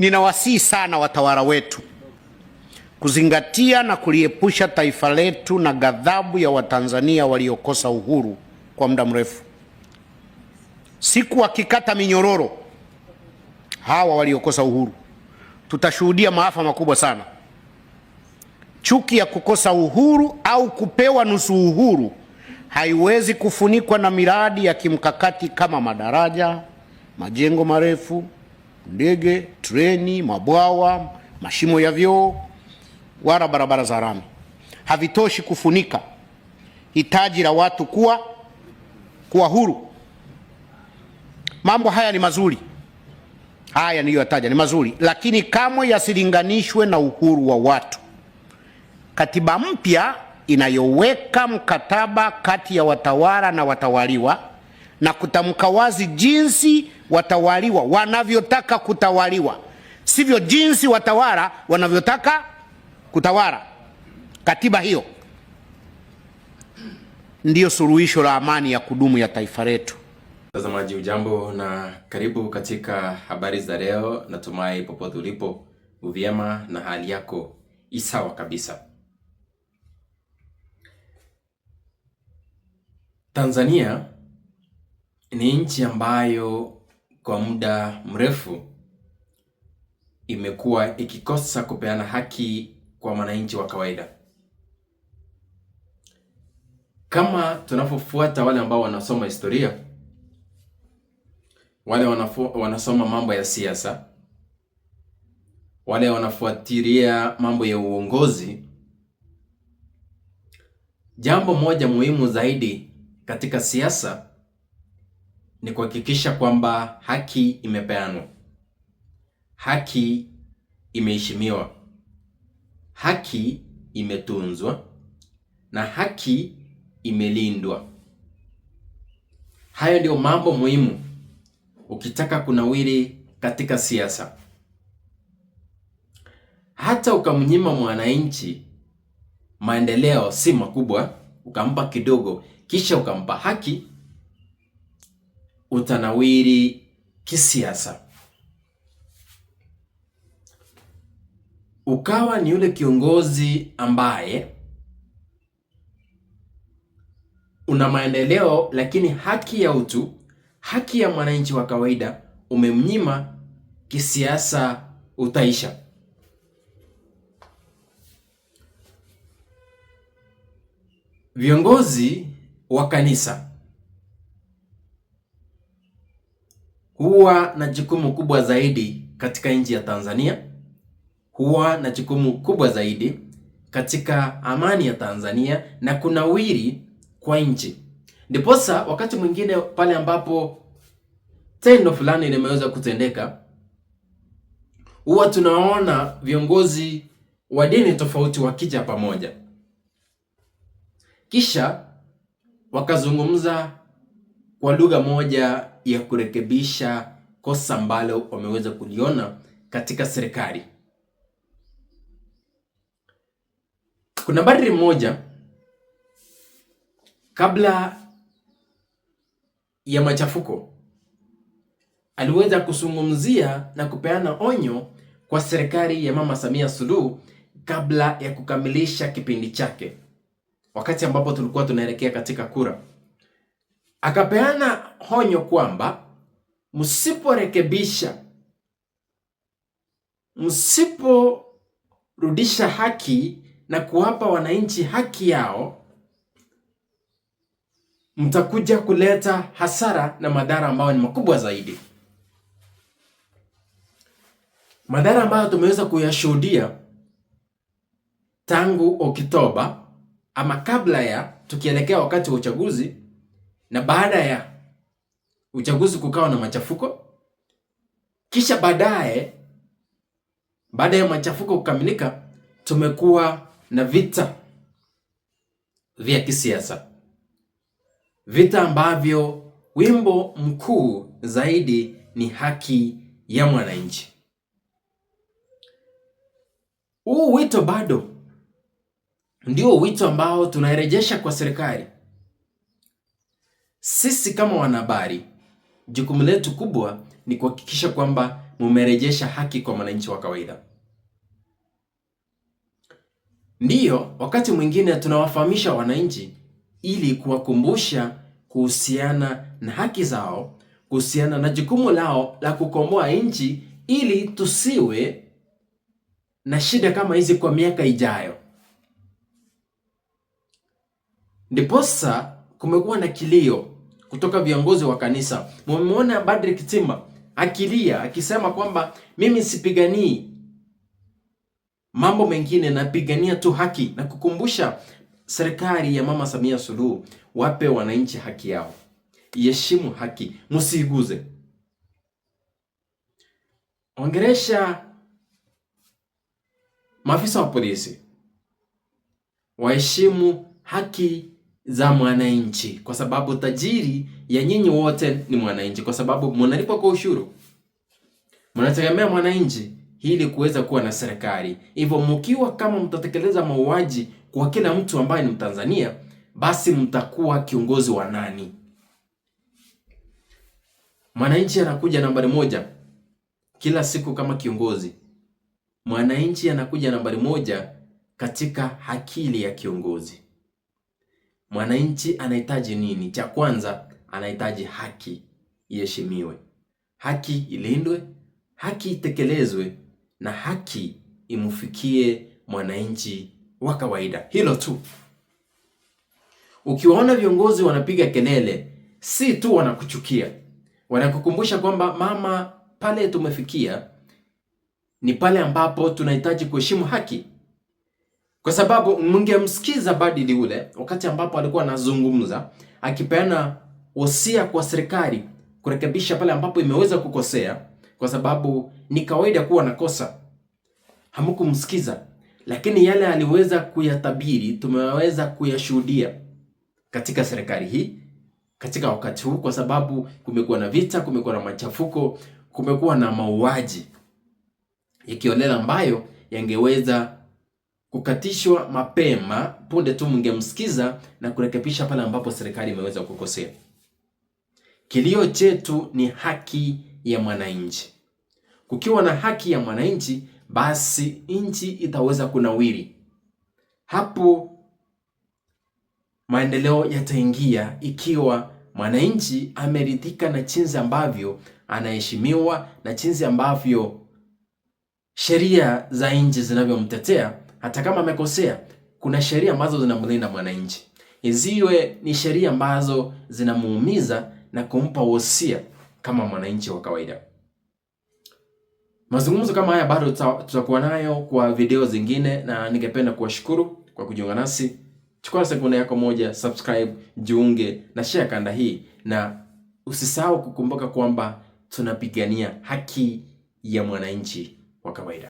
Ninawasihi sana watawala wetu kuzingatia na kuliepusha taifa letu na ghadhabu ya Watanzania waliokosa uhuru kwa muda mrefu. Siku wakikata minyororo hawa waliokosa uhuru, tutashuhudia maafa makubwa sana. Chuki ya kukosa uhuru au kupewa nusu uhuru haiwezi kufunikwa na miradi ya kimkakati kama madaraja, majengo marefu ndege, treni, mabwawa, mashimo ya vyoo wala barabara za rami havitoshi kufunika hitaji la watu kuwa kuwa huru. Mambo haya ni mazuri, haya niliyoyataja ni mazuri, lakini kamwe yasilinganishwe na uhuru wa watu. Katiba mpya inayoweka mkataba kati ya watawala na watawaliwa na kutamka wazi jinsi watawaliwa wanavyotaka kutawaliwa, sivyo jinsi watawala wanavyotaka kutawala. Katiba hiyo ndiyo suluhisho la amani ya kudumu ya taifa letu. Mtazamaji ujambo na karibu katika habari za leo. Natumai popote ulipo uvyema na hali yako isawa kabisa. Tanzania ni nchi ambayo kwa muda mrefu imekuwa ikikosa kupeana haki kwa wananchi wa kawaida. Kama tunavyofuata wale ambao wanasoma historia, wale wanasoma mambo ya siasa, wale wanafuatilia mambo ya uongozi, jambo moja muhimu zaidi katika siasa ni kuhakikisha kwamba haki imepeanwa, haki imeheshimiwa, haki imetunzwa na haki imelindwa. Hayo ndio mambo muhimu ukitaka kunawiri katika siasa. Hata ukamnyima mwananchi maendeleo si makubwa, ukampa kidogo, kisha ukampa haki utanawiri kisiasa. Ukawa ni yule kiongozi ambaye una maendeleo lakini haki ya utu, haki ya mwananchi wa kawaida umemnyima kisiasa, utaisha. Viongozi wa kanisa huwa na jukumu kubwa zaidi katika nchi ya Tanzania, huwa na jukumu kubwa zaidi katika amani ya Tanzania na kunawiri kwa nchi. Ndiposa wakati mwingine pale ambapo tendo fulani limeweza kutendeka, huwa tunaona viongozi wa dini tofauti wakija pamoja, kisha wakazungumza kwa lugha moja ya kurekebisha kosa ambalo wameweza kuliona katika serikali. Kuna badri moja kabla ya machafuko aliweza kuzungumzia na kupeana onyo kwa serikali ya Mama Samia Suluhu kabla ya kukamilisha kipindi chake, wakati ambapo tulikuwa tunaelekea katika kura, akapeana onyo kwamba msiporekebisha, msiporudisha haki na kuwapa wananchi haki yao, mtakuja kuleta hasara na madhara ambayo ni makubwa zaidi. Madhara ambayo tumeweza kuyashuhudia tangu Oktoba ama kabla ya tukielekea wakati wa uchaguzi na baada ya uchaguzi kukawa na machafuko, kisha baadaye, baada ya machafuko kukamilika, tumekuwa na vita vya kisiasa, vita ambavyo wimbo mkuu zaidi ni haki ya mwananchi. Huu wito bado ndio wito ambao tunairejesha kwa serikali. Sisi kama wanahabari jukumu letu kubwa ni kuhakikisha kwamba mumerejesha haki kwa mwananchi wa kawaida. Ndiyo, wakati mwingine tunawafahamisha wananchi ili kuwakumbusha kuhusiana na haki zao, kuhusiana na jukumu lao la kukomboa nchi ili tusiwe na shida kama hizi kwa miaka ijayo. Ndiposa kumekuwa na kilio kutoka viongozi wa kanisa. Mmeona Badri Kitima akilia akisema kwamba mimi sipiganii mambo mengine, napigania tu haki na kukumbusha serikali ya Mama Samia Suluhu, wape wananchi haki yao, iheshimu haki, msiiguze. Ongeresha maafisa wa polisi waheshimu haki za mwananchi, kwa sababu tajiri ya nyinyi wote ni mwananchi, kwa sababu mnalipa kwa ushuru, mnategemea mwananchi ili kuweza kuwa na serikali. Hivyo mkiwa kama mtatekeleza mauaji kwa kila mtu ambaye ni Mtanzania, basi mtakuwa kiongozi wa nani? Mwananchi anakuja nambari moja kila siku kama kiongozi. Mwananchi anakuja nambari moja katika akili ya kiongozi. Mwananchi anahitaji nini? Cha kwanza anahitaji haki iheshimiwe, haki ilindwe, haki itekelezwe na haki imfikie mwananchi wa kawaida. Hilo tu. Ukiwaona viongozi wanapiga kelele, si tu wanakuchukia, wanakukumbusha kwamba mama, pale tumefikia ni pale ambapo tunahitaji kuheshimu haki kwa sababu mngemsikiza Badili ule wakati ambapo alikuwa anazungumza akipeana wosia kwa serikali kurekebisha pale ambapo imeweza kukosea, kwa sababu ni kawaida kuwa na kosa. Hamkumsikiza, lakini yale aliweza kuyatabiri tumeweza kuyashuhudia katika serikali hii katika wakati huu, kwa sababu kumekuwa na vita, kumekuwa na machafuko, kumekuwa na mauaji ikiolela ambayo yangeweza kukatishwa mapema punde tu mngemsikiza na kurekebisha pale ambapo serikali imeweza kukosea. Kilio chetu ni haki ya mwananchi. Kukiwa na haki ya mwananchi, basi nchi itaweza kunawiri. Hapo maendeleo yataingia, ikiwa mwananchi ameridhika na jinsi ambavyo anaheshimiwa na jinsi ambavyo sheria za nchi zinavyomtetea hata kama amekosea, kuna sheria ambazo zinamlinda mwananchi, ziwe ni sheria ambazo zinamuumiza na kumpa wosia kama mwananchi wa kawaida. Mazungumzo kama haya bado tutakuwa nayo kwa video zingine, na ningependa kuwashukuru kwa kujiunga nasi. Chukua sekunde yako moja, subscribe, jiunge na share kanda hii, na usisahau kukumbuka kwamba tunapigania haki ya mwananchi wa kawaida.